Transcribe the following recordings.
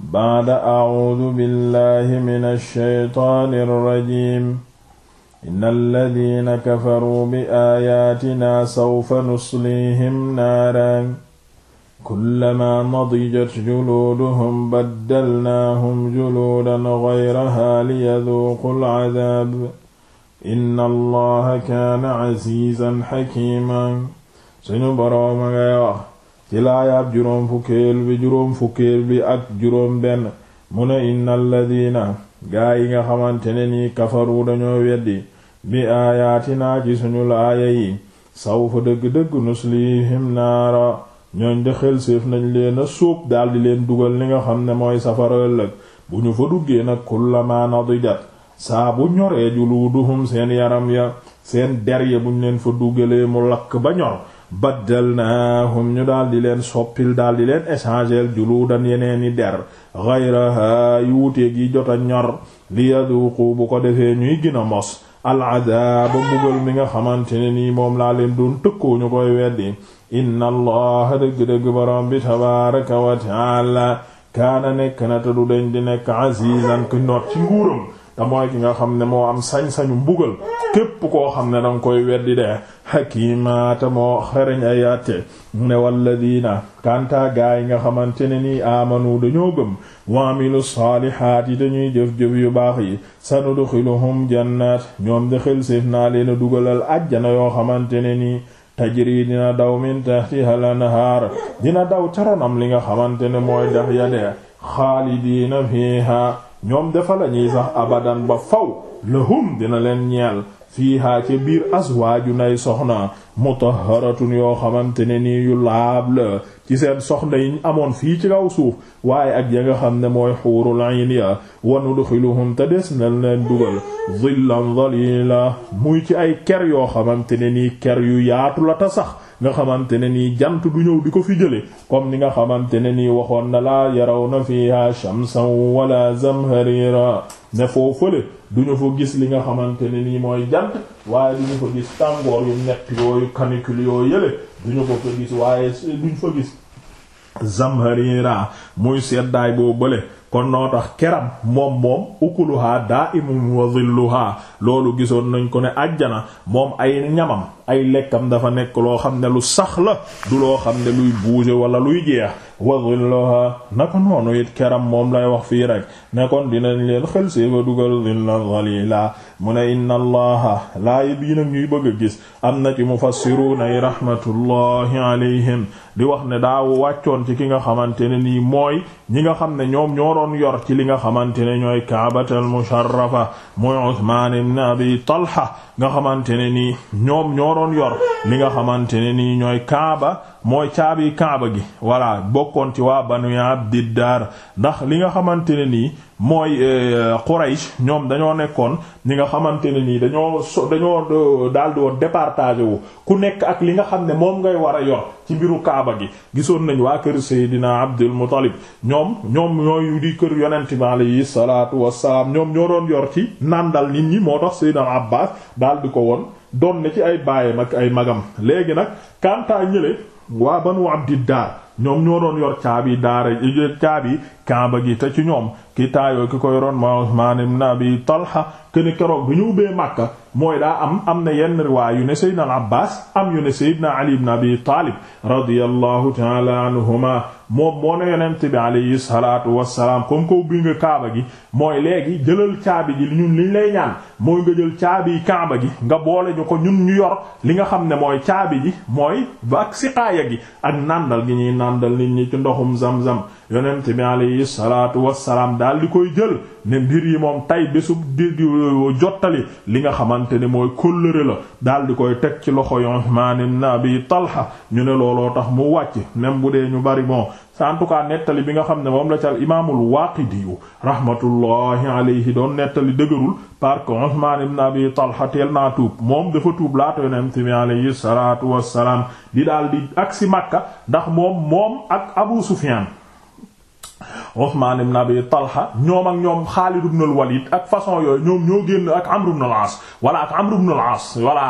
baada acuudu billahi min alsheytaani alrajim in alladina kafaruu bi aayaatina sawfa nuslihim naaran kullamaa nadijat juluuduhum baddalnaahum juluudan gayrahaa liyaduuqu alcadaab inna allaha kaana casiizan xakiiman suñu borooma ngay wax ci laayaab juróom fukkeel bi juróom fukkeel bi ak juróom benn mu ne innal ladina gaa yi nga xamante ne nii wu dañoo weddi bi aayaatinaa ci suñu laaya yi saw fa dëgg-dëgg nuslihim naara ñooñ de xelséef nañ leen a sóob daldi leen dugal li nga xam ne mooy safara ëllëg bu ñu fa duggee nag kullama nadijat saa bu ñoree juluuduhum seen yaram ya seen der ya buñ leen fa dugalee mu lakk ba ñor baddalnaahum ñu daal di leen soppil daal di leen échanger juluudan yeneen i der ghayraha yu wuute gi jot a ñor liyaduqu bu ko defee ñuy gën a mos aladaaba mbugal mi nga xamante ne nii moom laa leen doon tëkkoo ñu koy weddi inna allaha dëgg-dëgg borom bi tabaraka wa taala kaana nekk na te du deñ di nekk azizan ki noot ci nguuram te mooy ki nga xam ne moo am sañ-sañu mbugal képp koo xam ne danga koy weddi de xakima te moo xereñ ay atte ne walladina kanta gaay nga xamante ne nii aamanu dañoo gëm wa amilu saalihaat yi dañuy jëf-jëf yu baax yi sanudxiluhum jannat ñoom de xel naa leen a dugalal ajjana yoo xamante ne nii tajri dina daw min tahtiha al-anhaar dina daw caranam li nga xamante ne mooy dex ya de xaalidiina fiiha ñoom dafa la ñuy sax abadan ba faw lahum dina leen ñeel fiihaa ca biir azwaajun ay soxna mutahharatun yoo xamante ne nii yu laab la ci seen soxna yi amoon fii ci kaw suuf waaye ak ya nga xam ne mooy xuurul ayn ya wa nudxiluhum te des na leen dugal zillan zalila muy ci ay ker yoo xamante ne ni ker yu yaatu la ta sax nga xamante ne ni jant du ñëw di ko fi jële comme ni nga xamante ne nii waxoon na laa yarawna fiha shamsan wala zamharira ne foo fële du ñu fa gis li nga xamante ne nii mooy jant waaye du ñu gis tàngoor yu nekk yooyu yu canicule yoo yële duñu ko fa gis waaye duñ fa gis zamharira muy seddaay boo bële kon noo tax keram moom moom ukuluha daa imum wa loolu gisoon nañ ko ne àjjana moom ay ñamam ay lekkam dafa nekk loo xam ne lu sax la du loo xam ne luy bouger wala luy jeex wa dhilluha naka noonu it keram moom lay wax fii rek nekkoon dinañ leen xel séeba dugal dhillan dhalila mu ne inna allaha laay bii nag ñuy bëgg a gis am na ci mufassiruuna yi rahmatullahi alayhim di wax ne daa wàccoon ci ki nga xamante ne nii mooy ñi nga xam ne ñoom ñoo doon yor ci li nga xamante ne ñooy kaabatal musharrafa mooy Usmaan ibn Abi Talha nga xamante ne ni ñoom ñoo doon yor li nga xamante ne nii ñooy kaaba mooy caabi kaaba gi voilà bokkoon ci waa banu abdiddar ndax li nga xamante ne nii mooy euh, Quraysh ñoom dañoo nekkoon ñi nga xamante ne nii dañoo so dañoo euh, daldi woon départagé wu ku nekk ak li nga xam ne moom ngay war a yor ci mbiru kaaba gi gisoon nañ waa kër Seydina Abdul Muttalib ñoom ñoom ñooy di kër yonent bi alayhi salaatu wassalaam ñoom ñoo doon yor ci nàndal nit ñi moo tax Seydina Abbaas daldi ko woon doon na ci ay baayam ak ay magam léegi nag kantaa ñële waa banu abdiddaar ñoom ñoo doon yor caabi daara caabi kaaba gi te ci ñoom ki taayoo ki ko yoroon ma Usmaan naa bi Talha keni keroog bi ñu ubbee màkka mooy daa am am na yenn riwaay yu ne Seydina al Abbaas am yu ne Seydina Ali ibn Abi Taalib radiyallahu taala anhuma moom moo ne yonent bi alayhi salaatu wassalaam comme ko bi nga kaaba gi mooy léegi jëlal caabi ji ñun liñ lay ñaan mooy nga jël caabi kaaba gi nga boole ñu ko ñun ñu yor li nga xam ne mooy caabi ji mooy ak siqaaya gi ak nàndal gi ñuy nàndal nit ñi ci ndoxum zam-zam yonent bi alayhi salaatu wassalaam daal di koy jël ne mbir yi moom tay bésub di jottali li nga xamante ne mooy kóllëre la daal di koy teg ci loxo yu Usmaan ibn Abi Talha ñu ne looloo tax mu wàcc même bu dee ñu bari bon en tout nettali bi nga xam ne moom la ca imaamul Waaqidi yu rahmatullahi alayhi doon nettali dëgërul parce que Usmaan ibn Abi Talha teel naa tuub moom dafa tuub laata yonent bi alayhi salaatu wassalaam di daal ak si Makka ndax moom moom ak Abu Uthman ibn Abi Talha ñoom ak ñoom Xaalid ibn al-Walid ak façon yooyu ñoom ñoo génn ak Amr ibn al-As wala ak Amr ibn al-As wala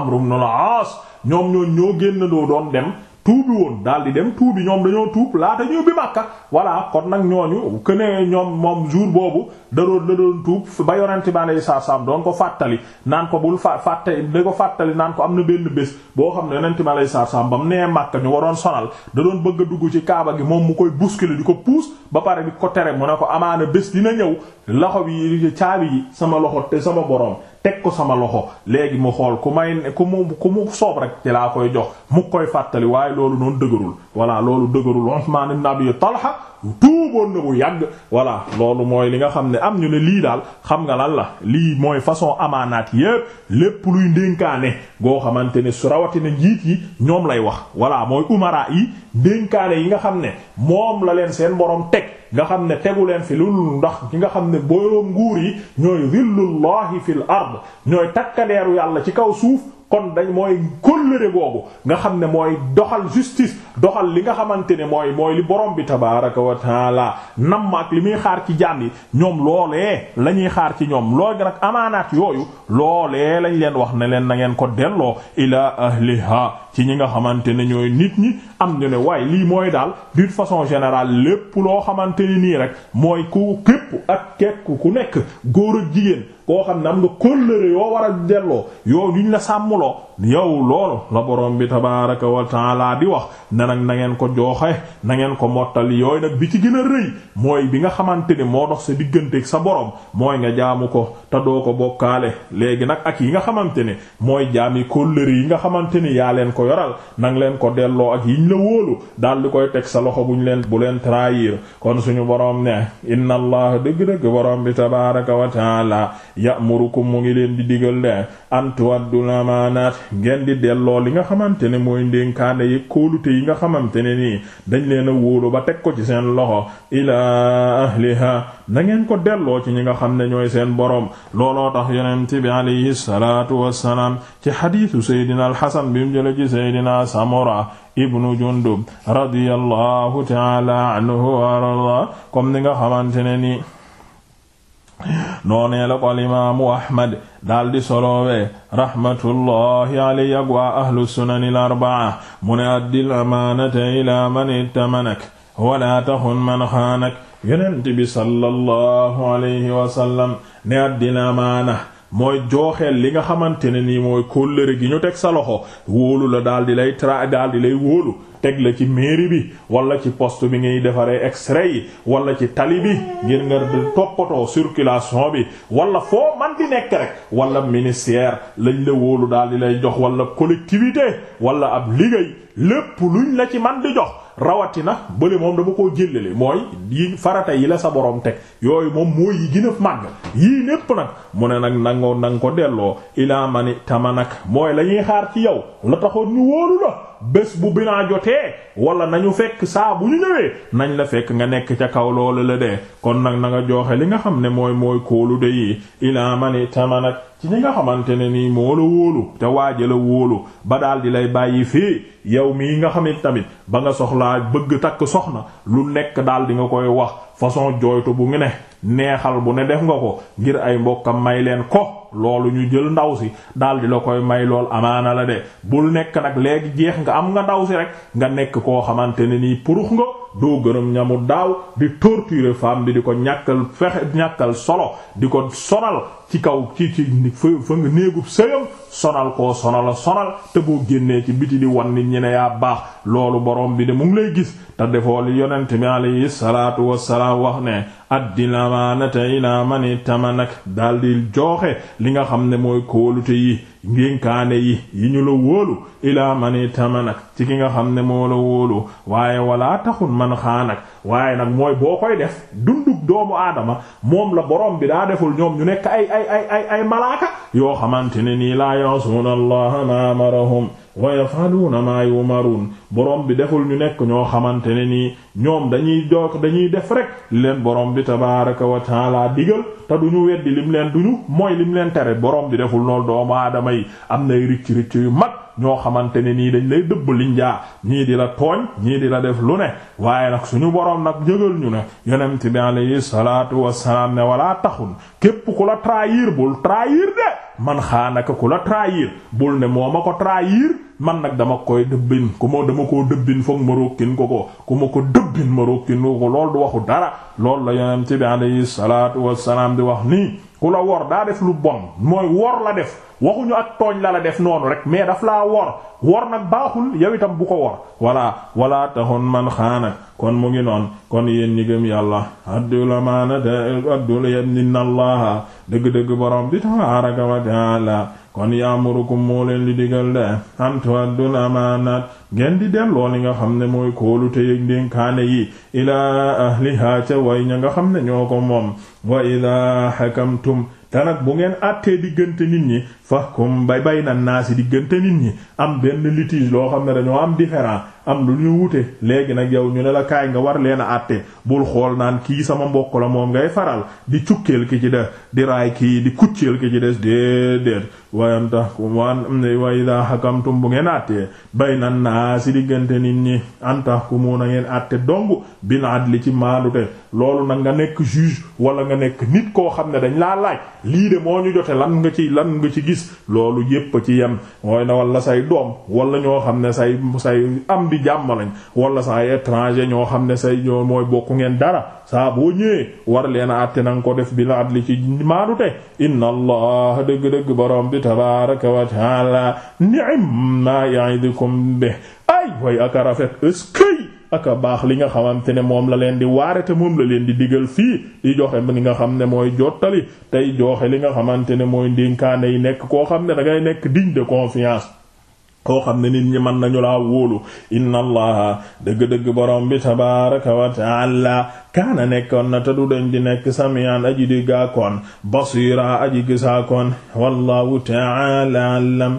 Amr ibn al-As ñoom ñoo ñoo génn doo doon dem tuubi woon daal di dem tuubi ñoom dañoo tuub laata ñu bi Makka voilà kon nag ñooñu que ne ñoom moom jour boobu da doon da doon tuub ba yonent bi alayhi salaam doon ko fàttali naan ko bul fa fàtte fàttali naan ko am na benn bés boo xam ne yonent bi alayhi salaam ba mu nee Makka ñu waroon sonal da doon bëgg a dugg ci Kaaba gi moom mu koy bousculer di ko pousse ba pare bi ko tere mu ne ko amaana bés dina ñëw loxo bi caabi yi sama loxo te sama borom. teg ko sama loxo léegi mu xool ku may ku mu ku mu soob rek ci laa koy jox mu koy fàttali waaye loolu noonu dëgërul voilà loolu dëgërul Usmaan ibn Abi Talha tuuboon na bu yàgg voilà loolu mooy li nga xam ne am ñu ne lii daal xam nga lan la lii mooy façon amaanaat yépp lépp luy ndénkaane goo xamante ne su rawatina njiit yi ñoom lay wax voilà mooy umara yi ndénkaane yi nga xam ne moom la leen seen borom teg nga xam ne tegu leen fi loolu ndax ki nga xam ne boroom nguur yi ñooy zillullahi fil ard ñooy takkadeeru yàlla ci kaw suuf kon dañ mooy kóllëre googu nga xam ne mooy doxal justice doxal li nga xamante ne mooy mooy li borom bi tabaaraka wa taala nam ak li muy xaar ci jaam yi ñoom loolee la ñuy xaar ci ñoom loogi nag amaanaat yooyu loolee lañ leen wax ne leen na ngeen ko delloo ilaa ahliha ci ñi nga xamante ne ñooy nit ñi am ñu ne waaye lii mooy daal d'une façon générale lépp loo xamante ni nii rek mooy ku képp képp ak képp ku nekk góor ak jigéen koo xam ne am nga kóllëre yoo war a delloo yoo ñu la sàmmloo yow loolu la borom bi tabaaraka wa taala di wax ne nangeen ko jooxe nangeen ko mottali yooyu nag bi ci gën a rëy mooy bi nga xamante ne moo dox sa digganteeg sa borom mooy nga jaamu ko te doo ko bokkaale léegi nag ak yi nga xamante ne mooy jaami kóllëre yi nga xamante ni yaa leen ko yoral nang leen ko delloo ak yiñ la wóolu daal di koy teg sa loxo buñ leen bu leen trahir kon suñu borom ne inna allah dëgg-dëgg borom bi tabaaraka wa taala ya'murukum mu ngi leen di digal de ngeen di delloo li nga xamante ne mooy ndénkaane yi kóolute yi nga xamante ne ni dañ leen a wóolu ba teg ko ci seen loxo ilaa ahliha na ngeen ko delloo ci ñi nga xam ne ñooy seen boroom looloo tax yonent bi alayhi salaatu wassalaam ci xadiisu seydina alxasan bi mu jële ci seydina samora ibnu jundub radiyallahu taala anhu wa arda comme ni nga xamante ne ni noonee la ko alimaamu ahmad daal di solowee rahmatullahi alayhi ak ahlu sunani l mu ne addil amaanata ila man ittamanak wala taxun man xaanak yonent bi sallallahu alayhi wa sallam ne addil mooy jooxeel li nga xamante ne nii mooy kóllëre gi ñu teg sa loxo wóolu la daal di lay tra daal di lay wóolu teg la ci mairie bi wala ci poste bi ngay defaree extre yi wala ci tali bi ngir nga toppatoo circulation bi wala foo man di nekk rek wala ministère lañ la wóolu daal di lay jox wala collectivité wala ab liggéey lépp luñ la ci man di jox rawatina bële moom dama koo jëlale mooy yi farata yi la sa borom teg yooyu moom mooy yi gën a màgg yii népp nag mu ne nag nangoo nang ko delloo ilaa mani tama nag mooy la ñuy xaar ci yow la taxoon ñu wóoru la bés bu binaa jotee wala nañu fekk saabu ñu ñëwee nañ la fekk nga nekk ca kaw loolu la de kon nag na nga jooxe li nga xam ne mooy mooy kóolu de yi ilaa mani tamanak ci ñi nga xamante ne nii moo la wóolu te waaja la wóolu ba daal di lay bàyyi fii yow mii nga xamit tamit ba nga soxlaa bëgg takk soxna lu nekk daal di nga koy wax façon jooytu bu ngi ne neexal bu ne def nga ko ngir ay mbokkam may leen ko loolu ñu jël ndaw si daal di la koy may lool amaana la de bul nekk nag léegi jeex nga am nga ndaw si rek nga nekk koo xamante ne nii purux nga doo gërëm ñamu daaw di torturer femme bi di ko ñàkkal fexe ñàkkal solo di ko sonal ci kaw ci ci fa fa nga néegub sëyam sonal koo sonala sonal te bu génnee ci biti di wan nit ñi ne yaa baax loolu borom bi de mu lay gis te defoo li yonent bi alayhi salaatu amaanata ilaa man itamanak daldi joxe li nga xam ne mooy kóolute yi ngénkaane yi yi ñu la wóolu ilaa man itamanak ci ki nga xam ne moo la wóolu waaye walaa taxun man xaanak waaye nag mooy boo koy def dundug doomu aadama moom la borom bi daa deful ñoom ñu nekk ay ay malaaka yoo xamante ne ni laa yasuuna allaha ma amarahum wa yafaluuna maa yumaruun borom bi deful ñu nekk ñoo xamante ne nii ñoom dañuy doog dañuy def rek leen borom bi tabaaraka wa taala digal te du ñu weddi lim leen du ñu mooy lim leen tere borom bi deful lool doomu aadama yi am nay ricc ricc yu mag ñoo xamante ne nii dañ lay dëbb liñ jaa ñii di la tooñ ñii di la def lu ne waaye nag suñu borom nag jëgal ñu ne yonent bi alayhi salaatu wassalaam ne walaa taxul képp ku la trahir bul trahir de. man xaanaka ku la trahir bul ne moo ma ko trahir man nag dama koy dëbbin ku ma dama koo dëbbin foog ma rokkin ko ko ku ma ko dëbbin ma rokkin ko ko loolu du waxu dara loolu la yonent bi alayhi salaatu wassalaam di wax nii ku la wor daa def lu bon mooy wor la def waxuñu ak tooñ lala def noonu rek mais daf laa wor wor nag baaxul yow itam bu ko wor walla walla taxoon man xaanak kon mu ngi noon kon yéen ñi gëm yàlla addul amaanata addul yaminna allaha dëgg-dëgg borom bi tabaraka wa taala kon yaamurukum moo leen li digal de am tu addul amaanat ngeen di delloo li nga xam ne mooy kóolu téyeg ndénkaane yi ilaa ahlihaa ca way ña nga xam ne ñoo ko moom wa idaa hakamtum te nag bu ngeen àttee diggante nit ñi fahkum bay bayna naasi diggante nit ñi am benn litige loo xam ne dañoo am différent am lu ñu wute léegi nag yow ñu ne la kaay nga war a àtte bul xool naan kii sama mbokk la moom ngay faral di cukkeel ki ci des di kii di kucceel ki ci des déedéet wayam tax waan wa ida hakamtum bu ngeen àttee bayna naasi diggante nit ñi an tahkumuuna ngeen àtte dong bil adli ci maandute loolu nag nga nekk juge wala nga nekk nit koo xam ne dañ laa laaj lii de moo ñu jote lan nga ci lan nga ci gis gis loolu yépp ci yem mooy na wala say doom walla ñoo xam ne say say am di jàmma lañ wala sa ay étranger ñoo xam ne say ñoo mooy bokk ngeen dara saa boo ñëwee war leen a àtte nanga ko def bi la adli ci maadute inna allah dëgg-dëgg borom bi tabaraka wa taala ni'ma ya'idukum bi ay way aka rafet eskay aka baax li nga xamante ne moom la leen di waare te moom la leen di digal fii di joxe li nga xam ne mooy jottali tey joxe li nga xamante ne mooy ndénkaane yi nekk koo xam ne da ngay nekk digne de confiance. koo xam ne nit ñi mën nañu laa wóolu inna allaha dëgg-dëgg borom bi tabaraka wa taala kaana nekkoon na te du dañ di nekk samian aji di gaakoon basira aji gisaakoon wallahu taala alam